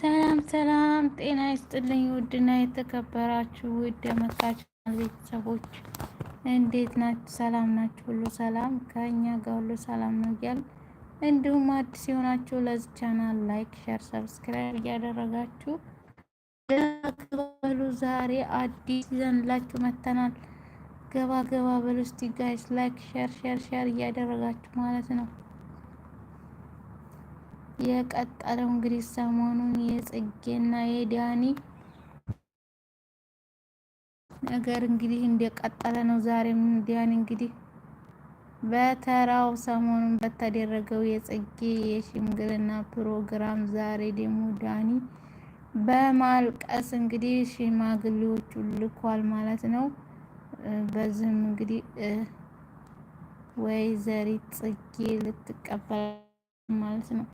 ሰላም ሰላም፣ ጤና ይስጥልኝ ውድና የተከበራችሁ ውድ የመካችን ቤተሰቦች እንዴት ናችሁ? ሰላም ናችሁ? ሁሉ ሰላም ከእኛ ጋር ሁሉ ሰላም ነው እያል እንዲሁም አዲስ የሆናችሁ ለዚህ ቻናል ላይክ፣ ሸር፣ ሰብስክራይብ እያደረጋችሁ በሉ። ዛሬ አዲስ ይዘንላችሁ መተናል። ገባ ገባ እስቲ ጋይስ ላይክ፣ ሸር ሸር ሸር እያደረጋችሁ ማለት ነው የቀጠለው እንግዲህ ሰሞኑን የጽጌና የዳኒ ነገር እንግዲህ እንደቀጠለ ነው። ዛሬም ዳኒ እንግዲህ በተራው ሰሞኑን በተደረገው የጽጌ የሽምግልና ፕሮግራም ዛሬ ደግሞ ዳኒ በማልቀስ እንግዲህ ሽማግሌዎቹ ልኳል ማለት ነው። በዚህም እንግዲህ ወይዘሪት ጽጌ ልትቀበል ማለት ነው።